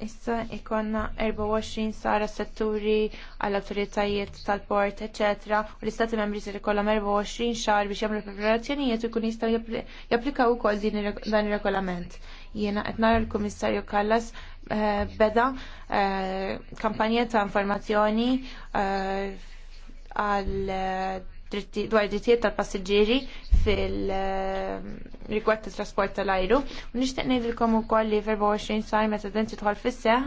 Issa ikonna 24 sara setturi għall awtoritajiet tal-port, etc. U l-istati membri se ikollhom 24 xahar biex jagħmlu preparazzjonijiet u jkun jistgħu japplikaw ukoll dan ir-regolament. Jiena qed nara l-Kummissarju Kallas eh, beda eh, kampanja ta' informazzjoni eh, għal dwar drittijiet tal-passiġġieri fil-rigward eh, tat trasport tal-ajru. U nixtieq ngħidilkom ukoll li 24 sar meta din tidħol fis-seħ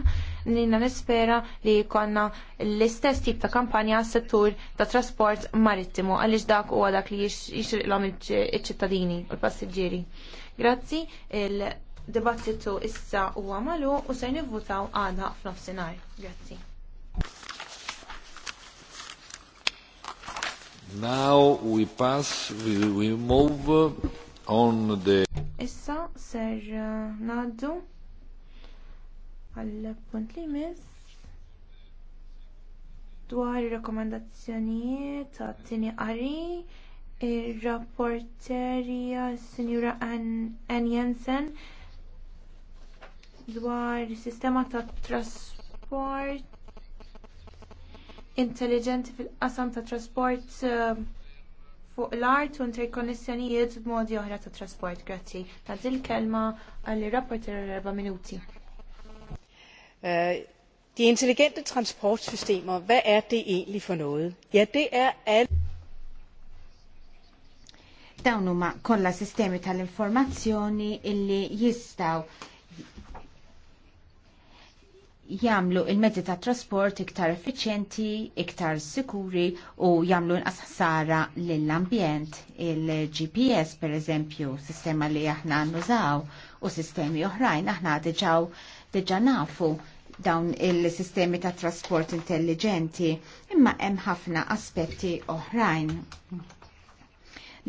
nina nispera li jkollna l-istess tip ta' kampanja għas settur ta' trasport marittimu għaliex dak huwa dak li l-om iċ-ċittadini u l-passiġġieri. Grazzi, il-dibattitu issa huwa magħluq u se nivvutaw għada f'nofsinhar. Grazzi. Now we pass, we, we move on the... Issa ser uh, naddu għal-punt li mis dwar ir-rakkomandazzjonijiet ta' tini qari ir-rapporterja Sinjura Ann Jensen dwar sistema ta' trasport intelligenti fil-qasam ta' trasport eh, fuq l-art u interkonnessjonijiet b'modi oħra ta' trasport. Grazzi. Ta' dil kelma għall-rapporter erba' minuti. Eh, de intelligente transportsystemer, hvad er det egentlig for noget? Ja, det er alt. Dawn kolla kollha sistemi tal-informazzjoni illi jistgħu jamlu il-mezzi ta' trasport iktar effiċjenti, iktar sikuri u jamlu inqas ħsara lill-ambjent. Il-GPS per eżempju, sistema li aħna nużaw u sistemi oħrajn aħna diġaw diġa nafu dawn il-sistemi ta' trasport intelligenti, imma hemm ħafna aspetti oħrajn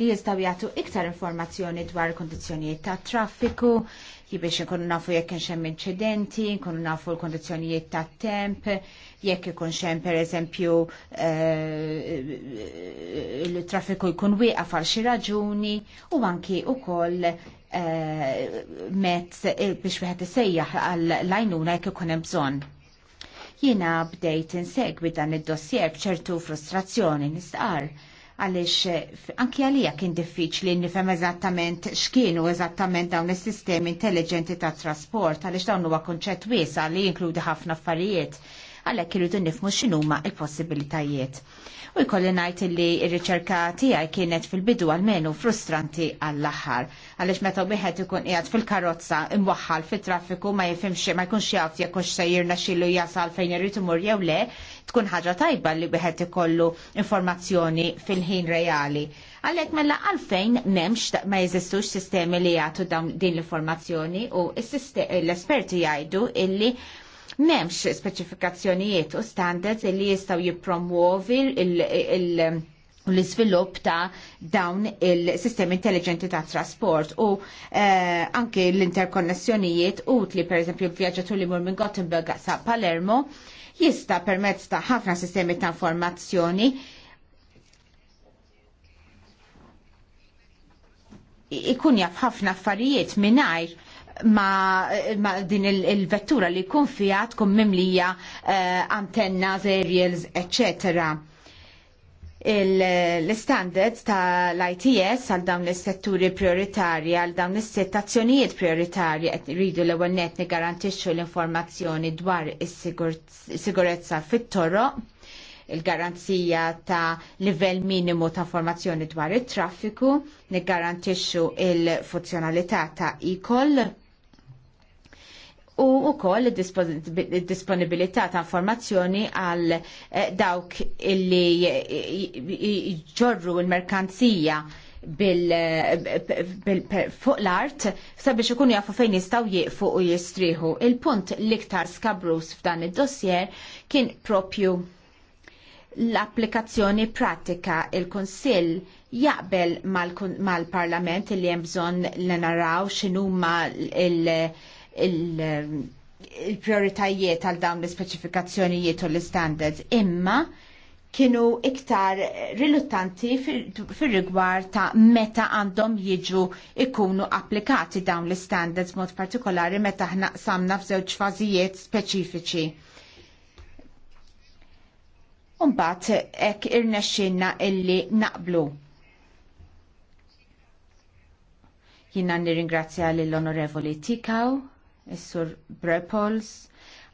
li jistaw jagħtu iktar informazzjoni dwar kondizjonijiet ta' traffiku, biex ikunu nafu jekk kienx hemm inċidenti, nkunu nafu l kondizjonijiet ta' temp, jekk ikun per pereżempju eh, l traffiku jkun wieqa' għal xi raġuni u anki ukoll eh, mezz biex wieħed isejjaħ għal lajnuna jekk ikun hemm bżonn jiena bdejt insegwi dan id-dossier bċertu frustrazzjoni nistqar għaliex eh, anki għalija kien diffiċli nifem eżattament x'kienu eżattament dawn is-sistemi intelligenti ta' trasport għaliex dawn huwa konċett wiesa li jinkludi ħafna affarijiet għalhekk irridu nifmu x'inhuma l-possibilitajiet u jkolli ngħid li r-riċerka tiegħi kienet fil-bidu għal menu frustranti għall-aħħar. Għaliex meta wieħed ikun qiegħed fil-karozza imwaħħal fit-traffiku ma jifhimx ma jkunx jaf jekk hux sejjer naxilu jasal fejn irid imur jew le, tkun ħaġa tajba li wieħed ikollu informazzjoni fil-ħin reali Għalek mella għalfejn memx ma jeżistux sistemi li jgħatu din l-informazzjoni u l-esperti jgħidu illi Memx speċifikazzjonijiet u standards li jistaw jipromuovi l-izvilupp ta' dawn il-sistemi intelligenti ta' trasport u eh, anke l-interkonnessjonijiet utli per eżempju vjaġġatur li mur minn Gothenburg sa' Palermo jista' permezz ta' ħafna sistemi ta' informazzjoni ikun jaf ħafna affarijiet mingħajr ma, ma din il-vettura li jkun fiha tkun mimlija uh, antenna, aerials, eccetera l-standards tal-ITS għal dawn is-setturi prioritarji għal dawn is settazzjonijiet prioritari, prioritarji qed l-ewwel ne garantisċu l-informazzjoni dwar is-sigurezza fit-toroq il-garanzija ta' livell minimu ta' informazzjoni dwar it-traffiku, niggarantixxu il-funzjonalità ta' e-call u u id-disponibilità ta' informazzjoni għal eh, dawk illi eh, ġorru il-merkanzija fuq l-art sabiex ikunu jafu fejn jistgħu jieqfu u jistrieħu. Il-punt l-iktar skabrus f'dan id-dossier kien propju l-applikazzjoni pratika il-Konsill jaqbel mal-Parlament il li hemm bżonn l naraw x'inhuma il- il-prioritajiet għal dawn l-speċifikazzjonijiet u l-standards imma kienu iktar riluttanti fil-rigward ta' meta għandhom jiġu ikunu applikati dawn l-standards mod partikolari meta ħna samna f'żewġ fażijiet speċifiċi. Umbat ek irnexxinna illi naqblu. Jina nirringrazzja lill-Onorevoli Tikaw is-sur Brepols,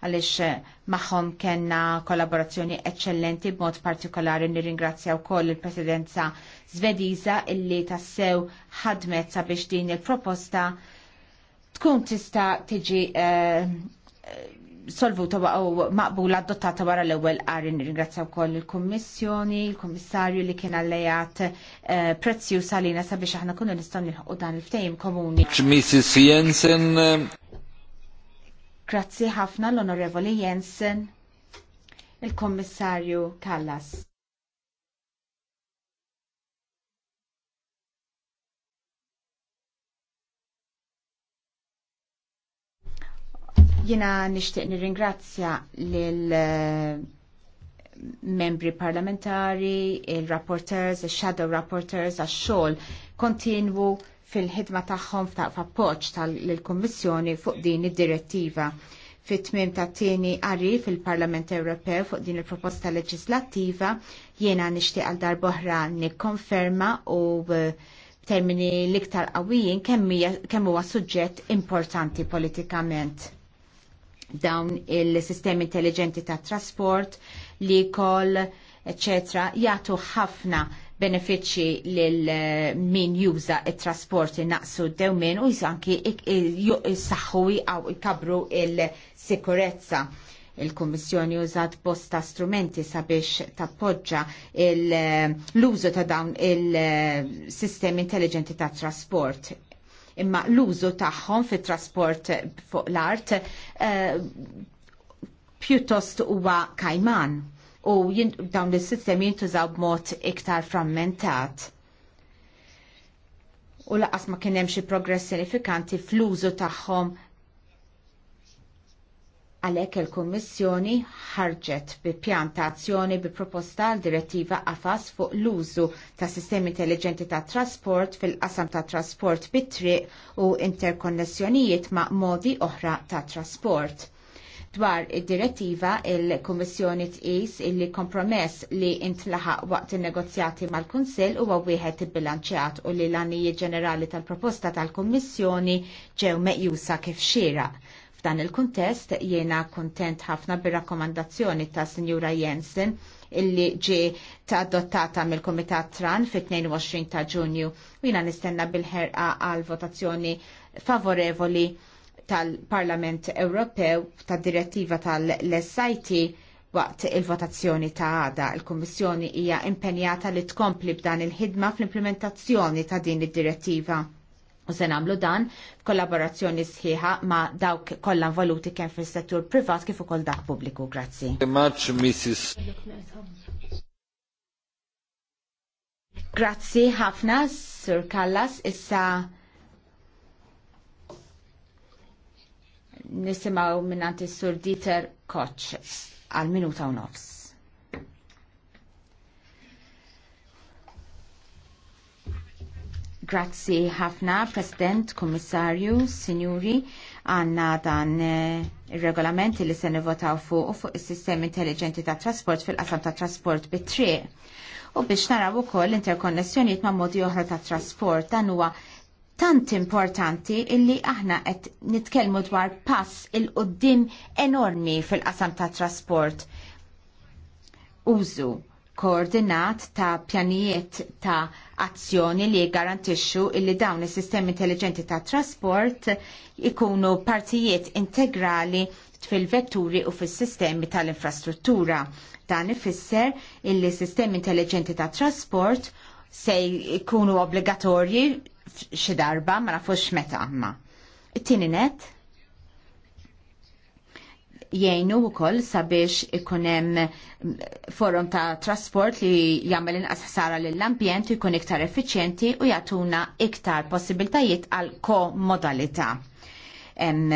għalix maħom kena kollaborazzjoni eccellenti b'mod partikolari nirringrazzjaw koll il-presidenza Zvediza illi tassew ħadmet sabiex din il-proposta tkun tista tiġi eh, solvuta u maqbula adottata wara l-ewwel qari nirringrazzja wkoll il-Kummissjoni, il-Kummissarju li kien allejat eh, prezzju salina sabiex aħna kunu nistgħu nilħu dan il ftejm komuni. Mrs. Jensen. Grazzi ħafna l-Onorevoli Jensen, il-Kommissarju Kallas. Jina nishtiq nirringrazzja l eh, membri parlamentari, il-rapporters, il-shadow rapporters, għax-xogħol kontinwu fil-ħidma tagħhom appoġġ tal-Kummissjoni fuq din id-direttiva fit-tmim ta' tieni qari fil-Parlament Ewropew fuq din il-proposta leġislattiva jiena nixtieq għal darboħra nikkonferma u b'termini e, l-iktar qawwijin kemm huwa suġġett importanti politikament dawn il-sistemi intelligenti ta' trasport, l-ikol, eccetera, jagħtu ħafna benefiċċji lil eh, min juża it-trasporti naqsu d-dewmin u jisanki jisaxħu jkabru il-sikurezza il-Kommissjoni użat bosta strumenti sabiex tappoġġa eh, l-użu ta' dawn il-sistemi intelligenti ta' trasport. Imma l-użu tagħhom fit trasport fuq l-art uh, pjuttost huwa kajman u dawn is-sistemi jintużaw b'mod iktar frammentat u laqas ma kien hemm xi progress sinifikanti fl-użu tagħhom għalhekk il-Kummissjoni ħarġet bi pjantazzjoni bi proposta l direttiva qafas fuq l-użu ta' sistemi intelligenti ta' trasport fil-qasam ta' trasport bit-triq u interkonnessjonijiet ma' modi oħra ta' trasport. Dwar id-direttiva il-Kummissjoni tqis illi kompromess li intlaħaq waqt il-negozjati mal-Kunsill huwa wieħed ibbilanċjat u li l-għanijiet ġenerali tal-proposta tal-Kummissjoni ġew meqjusa kif xira. F'dan il-kuntest jiena kontent ħafna bir-rakkomandazzjoni ta' Sinjura Jensen illi ġi ta' adottata mill komitat Tran fit-22 ta' ġunju. Jina nistenna bil-ħerqa għal votazzjoni favorevoli tal-Parlament Ewropew tad-direttiva tal-SIT waqt il-votazzjoni ta' għada. Il-Kommissjoni hija impenjata li tkompli b'dan il-ħidma fl-implementazzjoni ta' din id-direttiva. U se nagħmlu dan f'kollaborazzjoni sħiħa ma' dawk kollha voluti kemm fis-settur privat kif ukoll dak pubbliku. Grazzi. Grazzi ħafna, Sur Kallas, issa nisimaw minnanti sur Dieter Koch għal minuta u nofs. Grazzi ħafna, President, Kommissarju, Sinjuri, għanna dan eh, il-regolament li se nivotaw fuq u fuq il-sistemi intelligenti ta' trasport fil-qasam ta' trasport bit-triq. U biex naraw ukoll interkonnessjonijiet ma' modi oħra ta' trasport dan huwa tant importanti illi aħna qed nitkellmu dwar pass il-qoddim enormi fil-qasam ta' trasport. Użu koordinat ta' pjanijiet ta' azzjoni li garantixxu illi dawn is-sistemi intelligenti ta' trasport ikunu partijiet integrali fil-vetturi u fil-sistemi tal-infrastruttura. Dan ifisser illi sistemi intelligenti ta' trasport se jkunu obbligatorji xi darba ma nafux meta għamma. It-tieni net jgħinu wkoll sabiex ikun hemm forum ta' trasport li jagħmel inqas ħsara lill-ambjent jkun iktar effiċjenti u jagħtuna iktar possibiltajiet għal komodalità. Hemm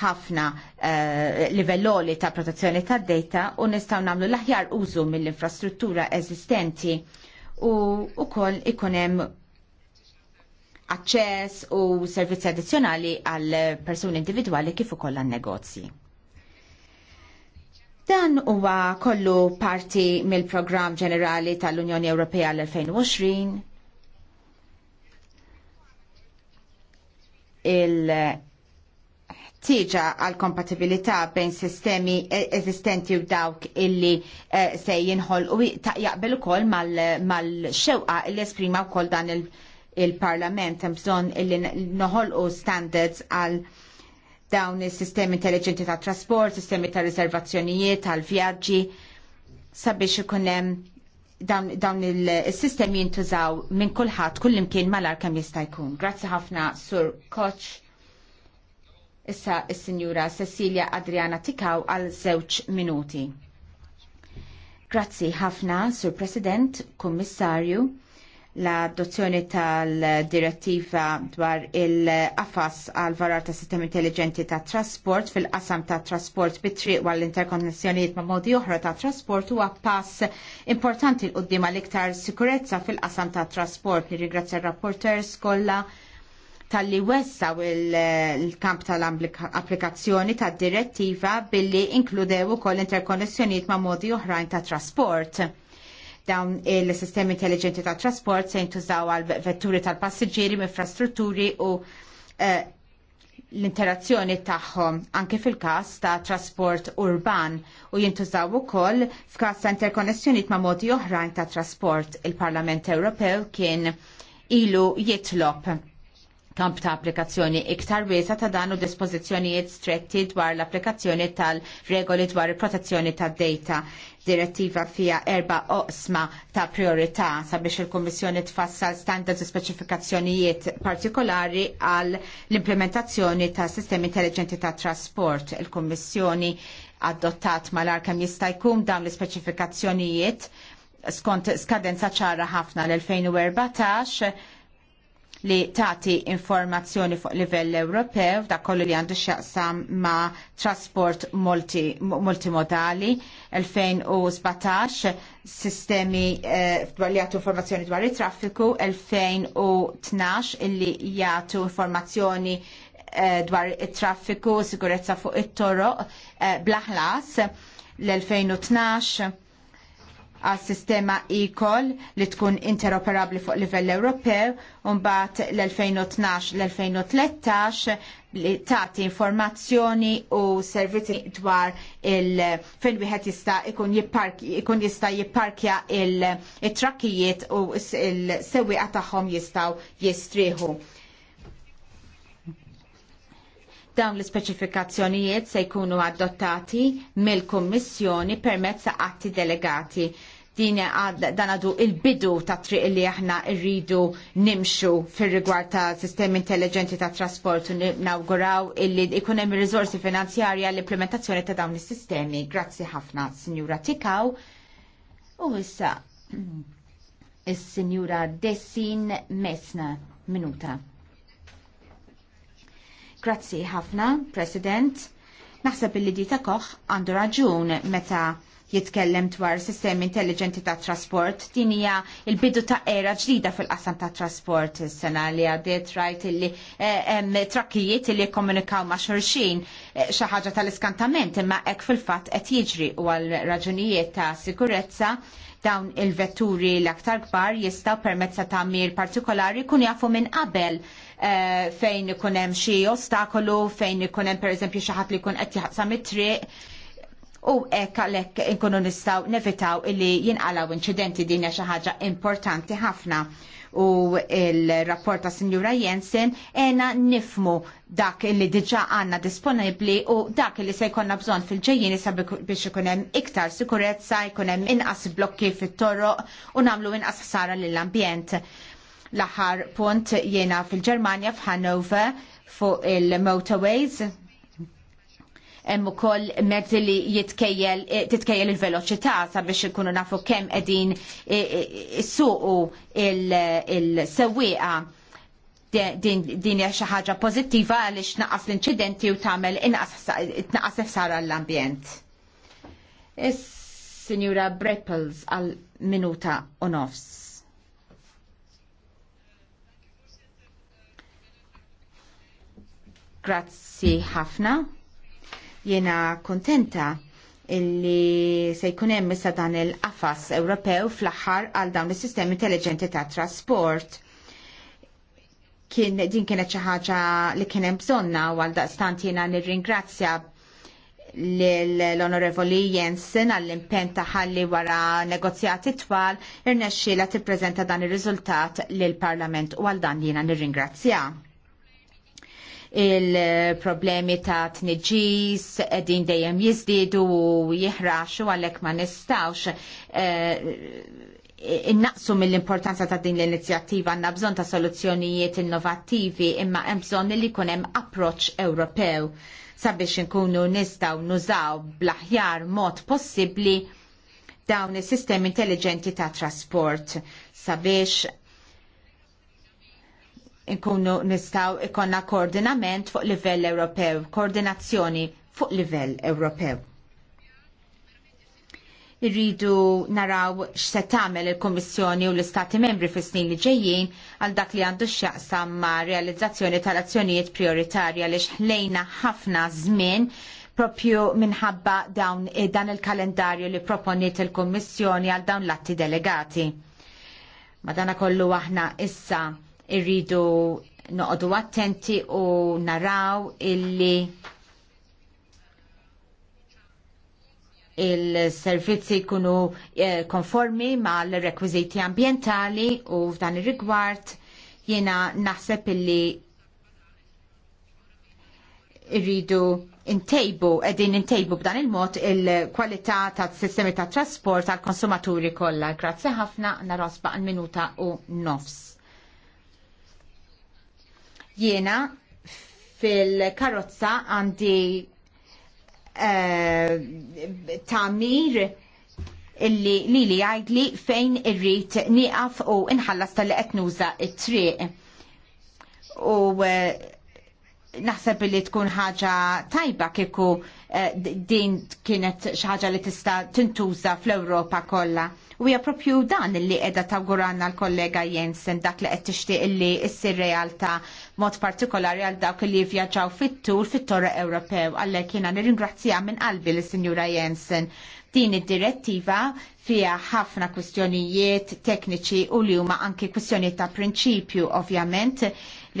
ħafna eh, livelloli ta' protezzjoni tad data u nistgħu nagħmlu l-aħjar użu mill-infrastruttura eżistenti u ukoll ikun hemm aċċess u servizzi addizzjonali għal persuni individwali kif ukoll għan negozji. Dan huwa kollu parti mill-Programm Ġenerali tal-Unjoni Ewropea l-2020 il tiġa għal kompatibilità bejn sistemi e- eżistenti u dawk illi e, se jinħol u jaqbel ukoll mal-xewqa mal, mal li esprima wkoll dan il- il-Parlament hemm bżonn illi noħolqu standards għal dawn is-sistemi intelligenti tat trasport, sistemi ta' riservazzjonijiet, tal-vjaġġi sabiex ikun hemm dawn, dawn il-sistemi jintużaw minn kulħadd kullimkien malar kemm jista' jkun. Grazzi ħafna Sur Koċ. Issa is-Sinjura Cecilia Adriana Tikaw għal żewġ minuti. Grazzi ħafna Sur President, Kummissarju l-adozzjoni tal-direttiva dwar il-qafas għal varar ta' sistemi intelligenti ta' trasport fil-qasam ta' trasport bit-triq għall interkonnessjonijiet ma' modi oħra ta' trasport huwa pass importanti l-qoddim għal-iktar sikurezza fil-qasam ta' trasport. Nirringrazzja r-rapporters kollha tal-li u il-kamp tal-applikazzjoni tad direttiva billi inkludew ukoll interkonnessjonijiet ma' modi oħrajn ta' trasport Dawn il-sistemi intelligenti tat trasport se jintużaw għal vetturi tal-passiġġieri, infrastrutturi u eh, l-interazzjoni tagħhom anke fil-każ ta' trasport urban u jintużaw ukoll f'każ ta' interkonnessjonijiet ma' modi oħrajn ta' trasport. Il-Parlament Ewropew kien ilu jitlob kamp ta' applikazzjoni iktar wiesa ta' dan u dispożizzjonijiet stretti dwar l-applikazzjoni tal-regoli dwar il-protezzjoni tad data. Direttiva fija erba oqsma ta' priorità sabiex il-Kommissjoni tfassal standards u speċifikazzjonijiet partikolari għal l-implementazzjoni ta' sistemi intelligenti ta' trasport. Il-Kommissjoni adottat mal-ar kemm jista' jkun dawn l-speċifikazzjonijiet skont skadenza ċara ħafna l-2014 li tagħti informazzjoni fuq livell Ewropew da kollu li għandu x'jaqsam ma' trasport multi, multimodali 2017 sistemi eh, li jagħtu informazzjoni dwar it-traffiku 2012 illi jagħtu informazzjoni eh, dwar it-traffiku, sigurezza fuq it toro eh, blaħlas l-2012 għas sistema e-call li tkun interoperabli fuq livell Ewropew mbagħad l-2012 l-2013 li tagħti informazzjoni u servizzi dwar il fejn wieħed jista' ikun ikun jista' jipparkja il-trakkijiet u il-sewwieqa tagħhom jistgħu jistrieħu dawn l-ispeċifikazzjonijiet se jkunu adottati mill-Kummissjoni permezz ta' atti delegati din dan għadu il-bidu ta' triq li aħna rridu nimxu fir rigward ta' sistemi intelligenti ta' trasport u nawguraw illi ikunem hemm riżorsi finanzjarja l-implementazzjoni ta' dawn is-sistemi. Grazzi ħafna, Signora Tikaw. U issa is Dessin Mesna minuta. Grazzi ħafna, President. Naħseb illi di ta' koħ għandu raġun meta jitkellem dwar sistemi intelligenti ta' trasport. Din hija il-bidu ta' era ġdida fil-qasam ta' trasport is-sena li għadiet rajt illi eh, hemm trakkijiet illi jikkomunikaw ma' xulxin eh, xi ħaġa tal-iskantament imma hekk fil-fatt qed jiġri u għal raġunijiet ta' sikurezza dawn il-vetturi l-aktar kbar jistgħu permezz ta' tagħmir partikolari kun jafu minn qabel eh, fejn ikun hemm xi ostakolu, fejn ikun hemm pereżempju xi ħadd li jkun qed jaħsam it-triq u hekk għalhekk inkunu nistgħu nevitaw illi jinqalaw inċidenti din hija xi ħaġa importanti ħafna u il-rapport ta' Sinjura Jensen ena nifmu dak li diġa għanna disponibli u dak li se jkonna bżon fil-ġejjini biex ikun hemm iktar sikurezza, jkun hemm inqas blokki fit torro u nagħmlu inqas ħsara lill-ambjent l-aħħar punt jiena fil-Ġermanja f'Hannover fuq il-motorways hemm ukoll mezzi li jitkejjel eh, titkejjel il-veloċità sabiex ikunu nafu kemm qegħdin eh, eh, issuqu il-sewwieqa din hija xi ħaġa pożittiva għaliex naqas l-inċidenti u tagħmel tnaqqas ħsara l-ambjent. Is-Sinjura Breppels għal minuta u nofs. Grazzi ħafna. Jena kontenta illi se jkun hemm issa dan il-qafas Ewropew fl-aħħar għal dawn is-sistemi intelligenti ta' trasport. Kien din kienet xi ħaġa li kien hemm bżonna u għal daqstant jiena nirringrazzja l-Onorevoli Jensen għall-impen taħalli wara negozjati twal irnexxila tippreżenta dan ir-riżultat lill-Parlament u għal dan jiena nirringrazzja il-problemi ta' tniġis qegħdin dejjem jiżdiedu u jihraxu għalhekk ma nistawx eh, innaqsu mill-importanza ta' din l-inizjattiva għandna bżonn ta' soluzzjonijiet innovattivi imma hemm bżonn li jkun hemm approċċ Ewropew sabiex inkunu nistgħu nużaw bl-aħjar mod possibbli dawn is-sistemi intelligenti ta' trasport sabiex Inkunu nistaw ikonna koordinament fuq livell Ewropew, koordinazzjoni fuq livell Ewropew. Irridu naraw x'se tagħmel il-Kummissjoni u l-Istati Membri fis-snin li ġejjin għal dak li għandu x'jaqsam ma' realizzazzjoni tal-azzjonijiet prioritarja li xħlejna ħafna żmien propju minħabba dawn dan il-kalendarju li proponiet il kummissjoni għal dawn l-atti delegati. Madana kollu aħna issa irridu noqogħdu attenti u naraw illi il-servizzi jkunu eh, konformi mal rekwiżiti ambjentali u f'dan ir-rigward jiena naħseb illi irridu intejbu, edin intejbu b'dan il-mod il-kwalità ta' sistemi ta' trasport għal konsumaturi kollha. Grazzi ħafna, naros baqal minuta u nofs. Jiena fil-karozza għandi uh, tamir illi li li għajdli fejn irrit niqaf u inħallas tal-li etnuża it-triq. U eh, naħseb li tkun ħaġa tajba kieku eh, din kienet xaġa li tista' tintuża fl-Ewropa kollha. U hija propju dan li qiegħda tawguranna l-kollega Jensen dak li qed tixtieq li issir realtà mod partikolari għal dawk li vjaġġaw fit-tur fit-torra Ewropew. Allek jiena nirringrazzja minn qalbi lis sinjura Jensen. Din id-direttiva fiha ħafna kwistjonijiet tekniċi u li huma anki kwistjonijiet ta' prinċipju ovvjament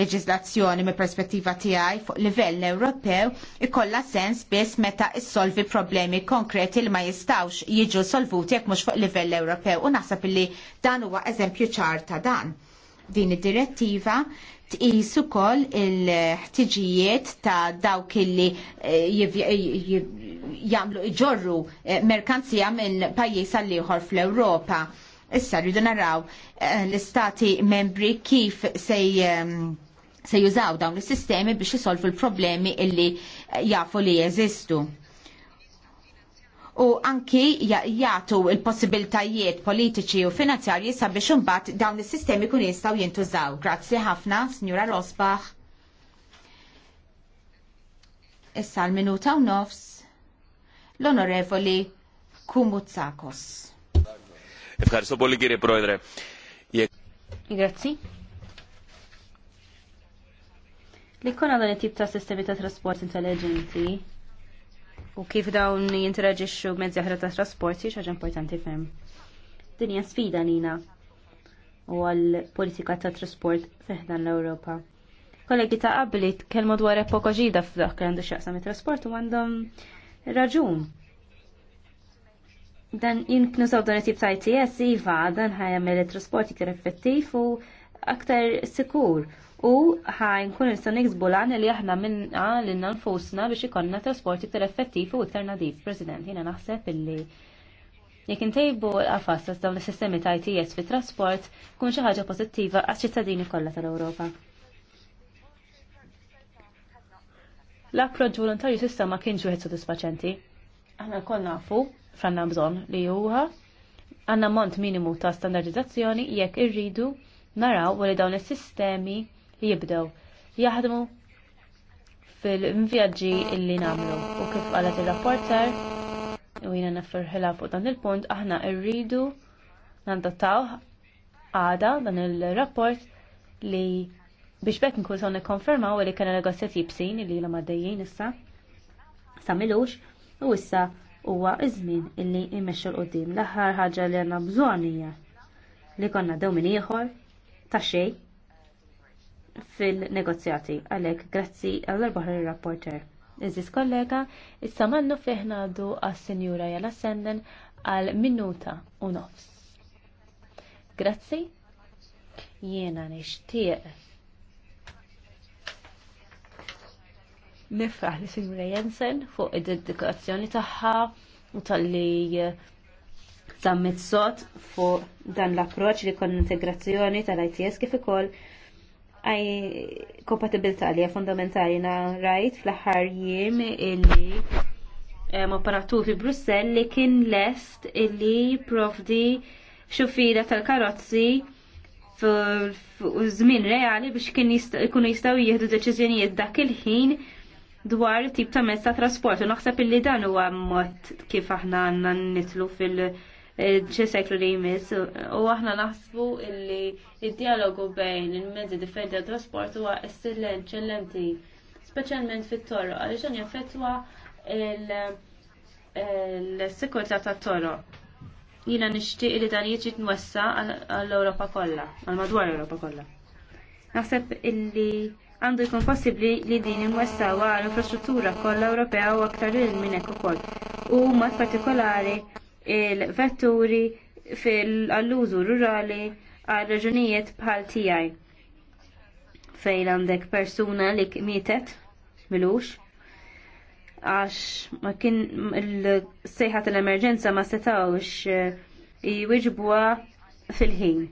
leġiżlazzjoni mill perspettiva tiegħi fuq livell Ewropew ikolla sens biss meta issolvi problemi konkreti li ma jistawx jiġu solvuti jekk mhux fuq livell Ewropew u naħseb li dan huwa eżempju ċar ta' dan. Din id-direttiva tqis ukoll il-ħtiġijiet ta' dawk illi eh, jagħmlu iġorru eh, merkanzija minn pajjiż għall ieħor fl-Ewropa Issa rridu naraw eh, l-istati membri kif sej ehm, se jużaw dawn is-sistemi biex isolvu l-problemi illi eh, jafu li jeżistu. U anki jagħtu l-possibiltajiet politiċi u finanzjarji sabiex imbagħad dawn is-sistemi kun jistgħu jintużaw. Grazzi ħafna, Sinjura Rosbach. Issa l-minuta u nofs l-Onorevoli Kumutsakos. Ευχαριστώ Li konna dan it-tip ta' sistemi ta' trasport intelligenti u kif dawn jinteraġixxu mezzi aħra ta' trasport xi ħaġa importanti fem. Din hija sfida lina u għall politika ta' trasport fiħdan l-Ewropa. Kollegi ta' qabli tkellmu dwar epoka ġida f'dak li għandu xaqsam it-trasport u għandhom raġun dan jien saw dan it-tip ta' ITS, iva, dan il trasport iktar effettiv u aktar sikur. U ħajn kun nistan niksbu lan li aħna minna l-inna nfusna biex ikonna trasport iktar effettiv u iktar nadif. President, jina naħseb illi jek intejbu għafas qafas ta' dawn is-sistemi ta' ITS fi trasport kun xi ħaġa pożittiva għaċ-ċittadini kollha tal-Ewropa. L-approċċ volontarju sistema ma kienx wieħed sodisfaċenti. Aħna konna nafu fanna bżon li juha għanna mont minimu ta' standardizzazzjoni jekk irridu naraw li dawn is-sistemi li jibdew jaħdmu fil-vjaġġi illi namlu u kif qalet il-rapporter u jina nafferħila fuq dan il-punt aħna irridu nandottaw għada dan il-rapport li biex bekk nkun sawni konfermaw li kena negozjati bsin li l-maddejjien issa samilux u issa huwa iż-żmien illi jmexxu l qudiem l-aħħar ħaġa li għandna bżonn hija li konna dew minn ieħor ta' xejn fil-negozjati. Għalhekk grazzi għall erbaħ ir-rapporter. Iżis kollega, issa mannu fiħna għaddu għas-Sinjura Jala Senden għal minuta u nofs. Grazzi, jiena nixtieq nifraħ li Sinjura Jensen fuq id-dedikazzjoni tagħha u tal-li zammet eh, sot fuq dan l-approċ li kon integrazzjoni tal-ITS kif ukoll għaj kompatibilità li fundamentali na rajt fl-aħħar jiem illi eh, operatur fi Brussell li kien lest illi profdi xufira tal-karozzi żmien reali biex kien jkunu jistgħu jieħdu deċiżjonijiet dak il-ħin dwar tip ta' mezz ta' trasport u naħseb illi dan huwa mod kif aħna għandna nitlu fil- ċe eh, seklu li jmiss u aħna naħsbu illi id-dialogu bejn il-mezzi differenti ta' trasport huwa eccellenti, speċjalment fit-toro, għaliex dan jaffettwa eh, l-sikurtà ta' toro Jiena nixtieq li dan jiġi nwessa għall-Ewropa kollha, għal madwar Ewropa kollha. Naħseb illi għandu jkun possibbli li din imwessawa għal infrastruttura kollha Ewropea u aktar lil minn hekk ukoll. U mod partikolari il-vetturi fil użu rurali għal raġunijiet bħal tiegħi fejn għandek persuna li mietet milux għax ma kien il-sejħa tal-emerġenza ma setawx eh, jwiġbuha fil-ħin.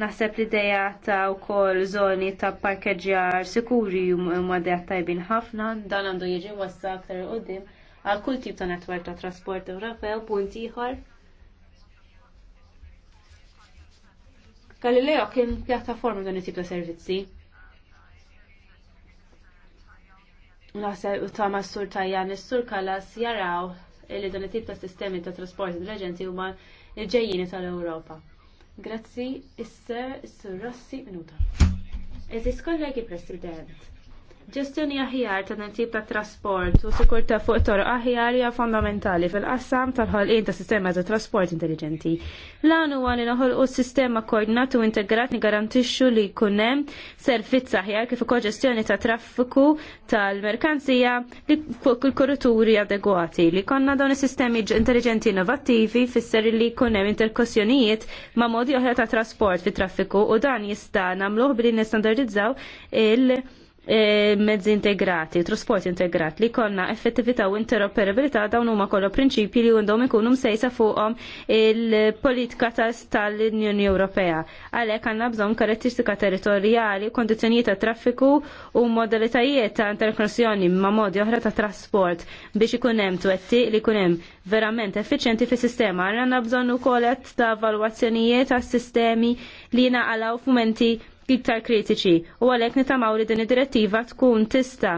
Naħseb li dejja ta' u kol zoni ta' parkeġġjar sikuri huma dejja tajbin ħafna, dan għandu jieġi wassa aktar qudiem għal kull tip ta' netwerk ta' trasport Ewropew punt ieħor. Galileo kien pjattaforma dan it-tip ta' servizzi. Naħseb u ta' mas-sur tajjan is-sur kalas jaraw li dan it-tip ta' sistemi ta' trasport intelligenti huma l-ġejjini tal-Ewropa. Grazzi, is-Sir isser Rossi, minuta. Eżis kollegi, President, Ġestjoni aħjar ta' tip ta' trasport u sikurta fuq toroq aħjar hija fondamentali fil-qassam tal-ħolqien ta' sistema ta' trasport intelligenti. L-għan huwa li u sistema koordinat u integrat garantixxu li jkun hemm servizz aħjar kif ukoll ġestjoni ta' traffiku tal-merkanzija li fuq il-korruturi adegwati li konna dawn is-sistemi intelligenti innovattivi fisser li jkun hemm interkossjonijiet ma' modi oħra ta' trasport fit traffiku u dan jista' nagħmluh billi nistandardizzaw il- E, mezzi integrati, trasport integrat li konna effettività u interoperabilità dawn huma kollha prinċipji li għandhom ikunu msejsa fuqhom il-politika tal-Unjoni Ewropea. Għalhekk għandna bżonn karattistika territorjali, kondizzjonijiet ta' traffiku u modalitajiet ta' interkonnessjoni ma' modi oħra ta' trasport biex ikun hemm twetti li jkun hemm verament effiċenti fis-sistema. Għandna bżonn ukoll ta' valwazzjonijiet ta' sistemi li naqalaw fumenti iktar kritiċi u għalhekk nitamaw li din id-direttiva tkun tista'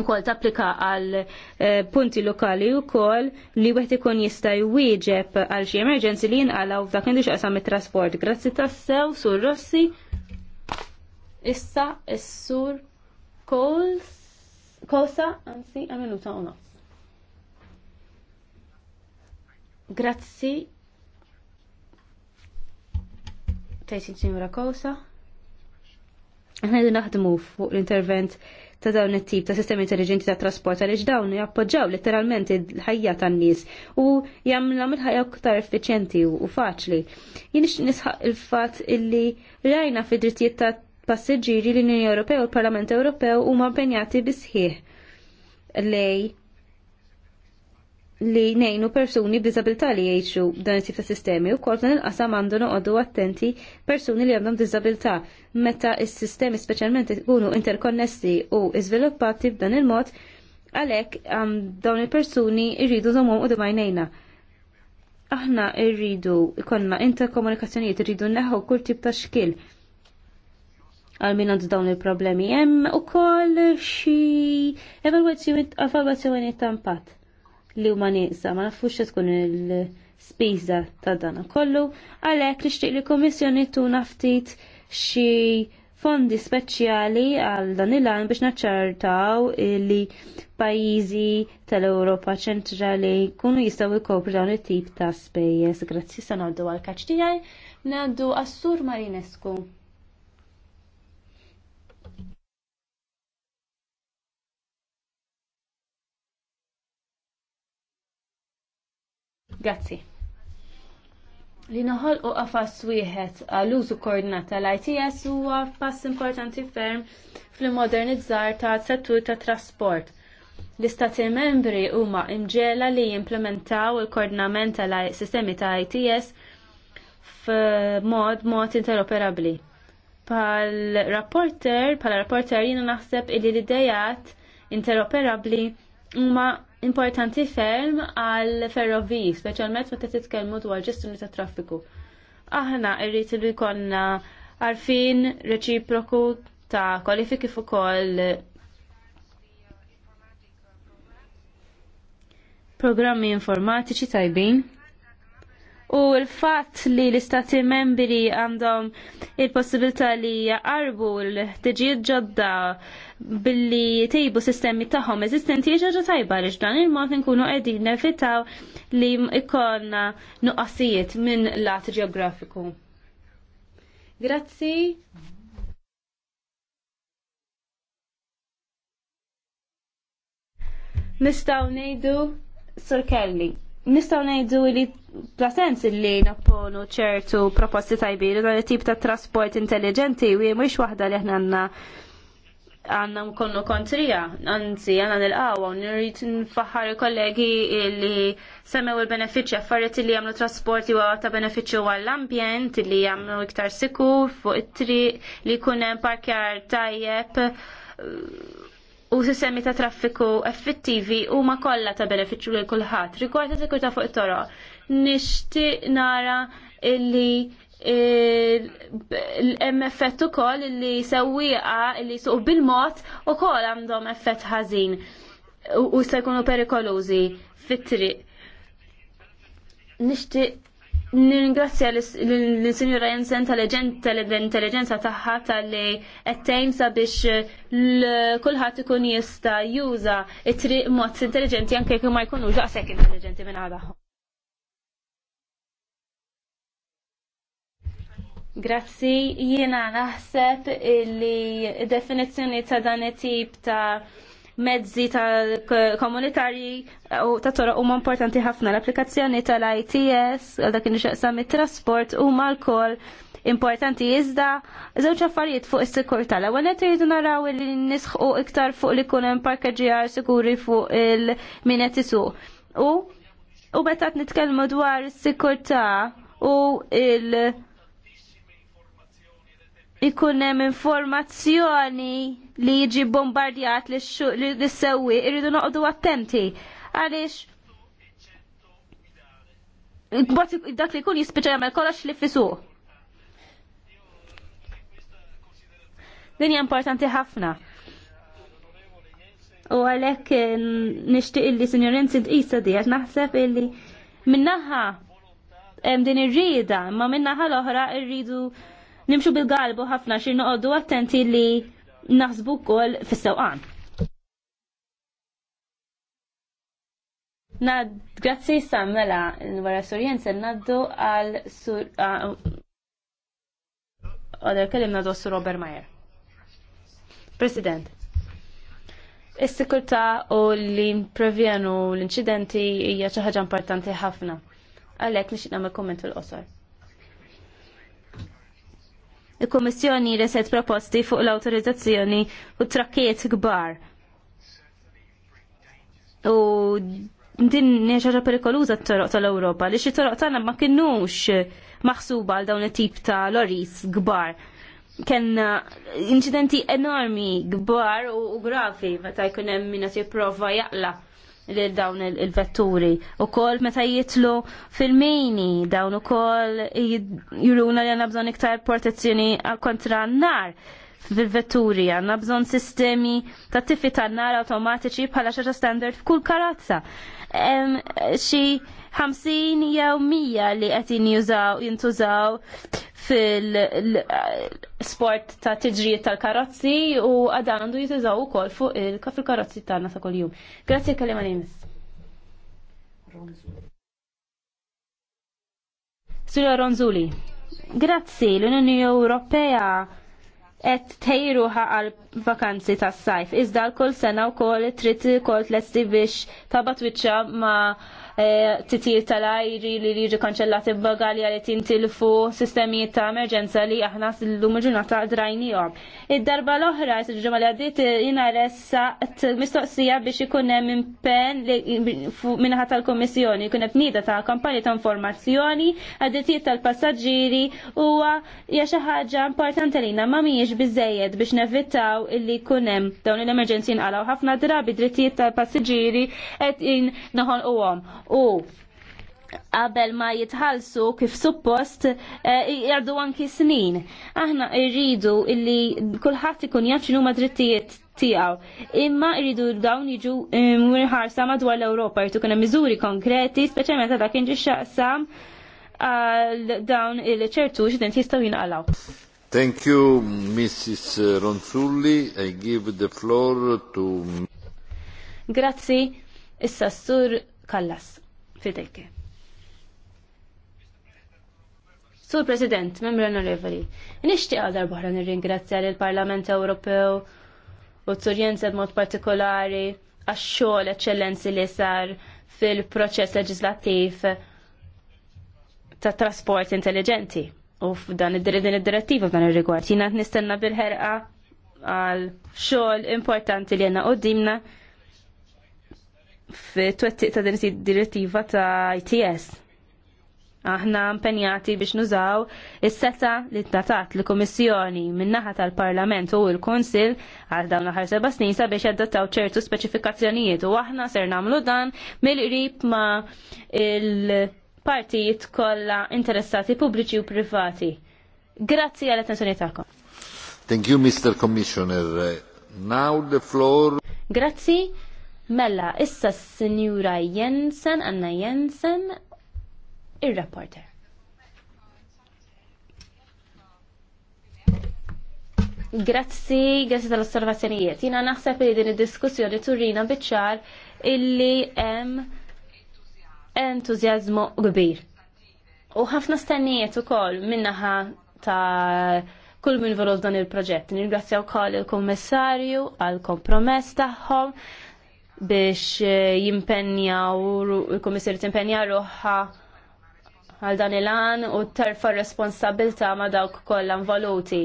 ukoll tapplika għal eh, punti lokali wkoll li wieħed ikun jista' jwieġeb għal xi emerġenzi li jinqalgħu f'dak indix qasam it-trasport. Grazzi tassew sur Rossi. Issa is-sur Kosa, anzi, għal u nofs. Grazzi. Tejsi signora Kosa. Aħna qegħdin naħdmu fuq l-intervent ta' dawn it-tip ta' sistemi intelligenti ta' trasport għaliex dawn jappoġġaw letteralment il-ħajja tan-nies u jagħmlu il-ħajja aktar effiċjenti u faċli. Jien nisħaq il-fatt illi rajna fid-drittijiet ta' passiġġieri l-Unjoni Ewropew u l-Parlament Ewropew huma impenjati bisħieħ lej li nejnu persuni b'dizabilità li jgħixu dan it ta' sistemi u kol dan il-qasam għandu noqogħdu attenti persuni li għandhom dizabilità meta s-sistemi speċjalment ikunu interkonnessi u iżviluppati b'dan il-mod għalhekk um, dawn il-persuni jridu żommhom u dimajnejna aħna irridu ikonna interkomunikazzjonijiet irridu neħu kull tip ta' xkil. Għal minn għandu dawn il-problemi hemm ukoll xi evalwazzjoni ta' impatt li huma nieqsa ma nafux se tkun il-spiża ta' dan kollu, għalhekk nixtieq li kummissjoni tuna ftit xi fondi speċjali għal dan il-għan biex naċċartaw li pajizi tal-Europa ċentrali kunu jistaw ikopru dawn it-tip ta' spejjeż. Grazzi sanaddu għal kaċ tiegħi, ngħaddu għas-Sur Marinescu. Grazzi. Li noħol u għafas wieħed għal-użu koordinata l-ITS huwa pass importanti ferm fil-modernizzar ta' settur ta' trasport. L-istati membri huma imġela li jimplementaw il-koordinament tal-sistemi ta' ITS f'mod mod interoperabli. Pal-rapporter, pal-rapporter jina naħseb il-idejat interoperabli huma importanti ferm għal ferrovij, speċjalment meta titkellmu dwar ġestjoni ta' traffiku. Aħna irrid li jkollna għarfin reċiproku ta' kwalifiki fuq ukoll programmi informatiċi tajbin u l-fatt li l-istati membri għandhom il-possibilità li jaqarbu l-ħtiġijiet ġodda billi tejbu sistemi tagħhom eżistenti ħaġa tajba għaliex dan il-mod nkunu qegħdin nevitaw li ikollna nuqqasijiet minn lat ġeografiku. Grazzi. Nistgħu ngħidu Sir Kelly nistaw nejdu li plasens li napponu ċertu proposti tajbiru dan tip ta' trasport intelligenti u ix waħda li ħna għanna mkonnu kontrija, anzi għanna nil-qawa, nirrit nfaħħar kollegi li semmew il beneficja affariet li għamlu trasporti u ta' beneficju għall-ambjent li għamlu iktar sikur fuq it-triq li kunem parkjar tajjeb u sistemi ta' traffiku effettivi u ma kollha ta' benefiċċju lil kulħadd. Rigward is-sikurtà fuq it-toroq, nixtieq nara li hemm effett ukoll illi sewwieqa li suq bil-mod ukoll għandhom effett ħażin u se jkunu perikolużi fit-triq. Nixtieq Nirringrazzja l-Sinjura Jensen tal-intelligenza tagħha tal-li qedtejn sabiex l-kullħat ikun jista' juża it-triq mod intelligenti anke jekk ma jkunux ġaqsek intelligenti minn għadha. Grazzi, jiena naħseb illi definizzjoni ta' dan it-tip ta' mezzi tal-komunitarji u ta' toroq huma importanti ħafna. L-applikazzjoni tal-ITS, għal dak xaqsam it-trasport huma mal kol importanti iżda żewġ affarijiet fuq is-sikurtà. L-ewwel qed iridu naraw li nisħu iktar fuq li jkun hemm parkeġġjar sikuri fuq il-minet isuq. U u meta nitkellmu dwar is-sikurtà u il- ikun hemm informazzjoni li jiġi bombardjat li sewwi irridu noqogħdu attenti għaliex dak li jkun jispiċa jagħmel kollox li fisuq. Din hija importanti ħafna. U għalhekk nixtieq illi Sinjor Renzi tqisa diet naħseb illi minnaħa hemm din ir-rieda, imma minnaħa l-oħra rridu nimxu bil-galbu ħafna xi noqogħdu attenti li naħsbu wkoll fis-sewqan. Na, grazzi sammela, wara surjen se naddu għal sur. Ah, Għadar kellim naddu sur Robert Mayer. President, is-sikurta u li imprevjenu l-inċidenti hija xi ħaġa importanti ħafna. Għalhekk nixtieq nagħmel komment fil-qosor il-Kommissjoni reset proposti fuq l-autorizzazzjoni u trakkiet kbar. U din neġara perikoluza t-toroq tal-Europa li xi toroq tagħna ma kinux maħsuba għal dawn it-tip ta' loris kbar. Kenna uh, incidenti enormi kbar u grafi meta jkun hemm min qed jipprova jaqla' lil dawn il-vetturi u kol meta jitlu fil-mini dawn u kol juruna li għanna bżon iktar protezzjoni kontra n-nar fil-vetturi għanna bżon sistemi ta' tifi ta' n-nar automatiċi bħala xaġa standard f'kull karozza. Xi 50 jew mija li qed jużaw jintużaw fil-sport ta' tiġrijiet tal-karozzi u għadan għandu u ukoll fuq il-karozzi tagħna ta' kuljum. Grazzi ma' nimis. Sura Ronzuli, grazzi l-Unjoni Ewropea qed tejruħa għal vakanzi tas-sajf. Iżda l kol sena wkoll kol t-lesti biex tabat wiċċa ma' Eh, titjir tal-ajri li liġi kanċellati b'bagalja li tintilfu sistemi ta' emerġenza li aħna l-lum ġurnata jom. Id-darba l-oħra, s-ġumma li għaddit jina t mistoqsija biex ikunem impen minnaħat tal-komissjoni, ikunem nida ta' kampanja ta' informazzjoni, għaddit tal-passagġiri u jaxa ħagġa importanti li ma miex bizzejed biex nevitaw illi kunem dawn l-emerġenzi nqalaw ħafna drabi drittijiet tal-passagġiri et in naħon u għom u qabel ma jitħalsu kif suppost eh, jgħadu anki snin. Aħna irridu illi kulħadd ikun jaf x'inhu drittijiet tiegħu. Imma irridu dawn iġu eh, mħarsa madwar l europa jrid kuna mizuri miżuri konkreti, speċjalment ta' dak inġi xaqsam għal dawn il-ċertu din jistgħu jinqalgħu. Thank you, Mrs. Ronzulli. I give the floor to... Grazzi, issa sur Kallas fidejke. Sur President, membri onorevoli, nishti għadar boħra nir-ringrazzja parlament Ewropew u t-surjenza b'mod partikolari għax-xogħol eċċellenzi li sar fil-proċess leġislattiv ta' trasport intelligenti u f'dan id-din id-direttiva f'dan ir-rigward. Jiena nistenna bil-ħerqa għal xogħol importanti li għandna qudiemna fit-twettiq ta' din direttiva ta' ITS. Aħna impenjati biex nużaw is-seta li t-natat kummissjoni min-naħa tal-Parlament u l konsil għal dawn l-aħħar seba' snin sabiex jaddattaw ċertu speċifikazzjonijiet u aħna ser nagħmlu dan mill-qrib ma' il-partijiet kollha interessati pubbliċi u privati. Grazzi għal attenzjoni ta'kom. Thank you, Mr. Commissioner. Now the floor. Grazzi. Mella, issa s senjura Jensen, Anna Jensen, il-reporter. Grazzi, grazzi tal-osservazzjonijiet. Jina naħseb li din id-diskussjoni turina biċċar illi hemm entuzjazmu kbir. U ħafna stennijiet ukoll minnaħa ta' kull minn veloz dan il-proġett. Ningrazzja wkoll il-Kummissarju għal kompromess tagħhom biex eh, jimpenjaw, il-Komissjoni timpenja ruħħa għal dan il-għan u terfa responsabilta ma dawk kollha involuti.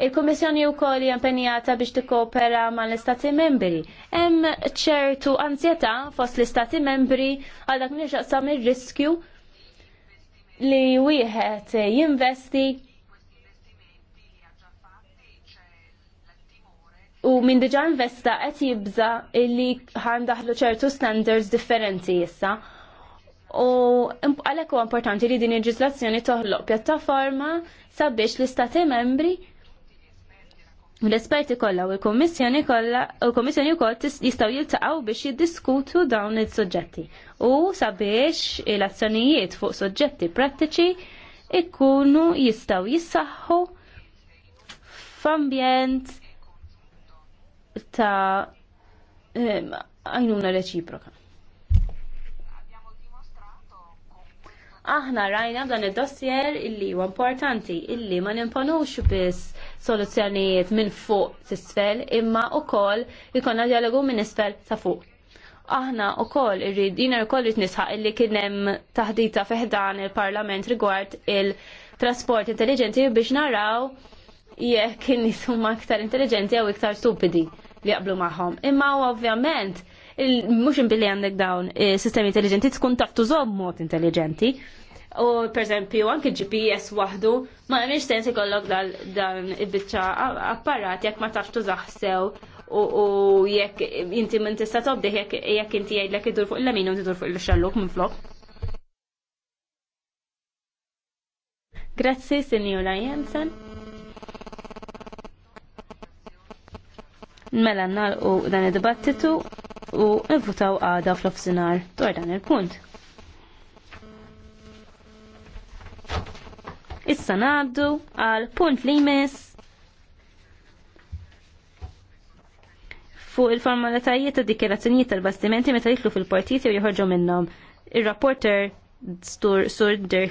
Il-Komissjoni u koll jimpenjata biex tikkoopera ma l-Istati membri. Hemm ċertu anzjetà fost l-Istati membri għal dak nirġaqsam ir-riskju li wieħed jinvesti u minn diġa investa qed jibża illi ħan daħlu ċertu standards differenti issa. U għalhekk huwa importanti li din il-ġiżlazzjoni toħloq pjattaforma sabiex l-istati membri l-esperti kollha u l-Kummissjoni kollha u l-Kummissjoni wkoll jistgħu jiltaqgħu biex jiddiskutu dawn is-suġġetti u sabiex l-azzjonijiet fuq suġġetti prattiċi ikunu jistgħu jissaħħu f'ambjent ta' għajnuna reċiproka. Aħna rajna dan id-dossier illi huwa importanti illi ma nimponux biss soluzzjonijiet minn fuq s-isfel imma kol ikonna dialogu minn isfel ta' fuq. Aħna ukoll irrid jina u kol nisħaq illi kien hemm taħdita feħdan il-Parlament rigward il-trasport intelligenti biex naraw jekk in huma aktar intelligenti jew iktar stupidi li jaqblu magħhom. Imma ovvjament mhux inbilli għandek dawn eh, sistemi intelligenti tkun taf tużob mod intelligenti. U per anke GPS waħdu, ma nix sens ikollok dan il-bicċa apparat jekk ma taftu zaħsew u jekk inti minn tista' tobdih jekk inti jgħidlek idur fuq il-lamin u tidur fuq il-xalluk minn flok. Grazzi, Sinjura Jensen. Mela u dan id-dibattitu u nvutaw għada fl-ofsinar dwar dan il-punt. Issa naddu għal punt li jmiss fuq il-formalitajiet ta' dikjerazzjonijiet tal-bastimenti meta jitlu fil partiti jew joħorġu minnhom. Ir-rapporter Sur Dirk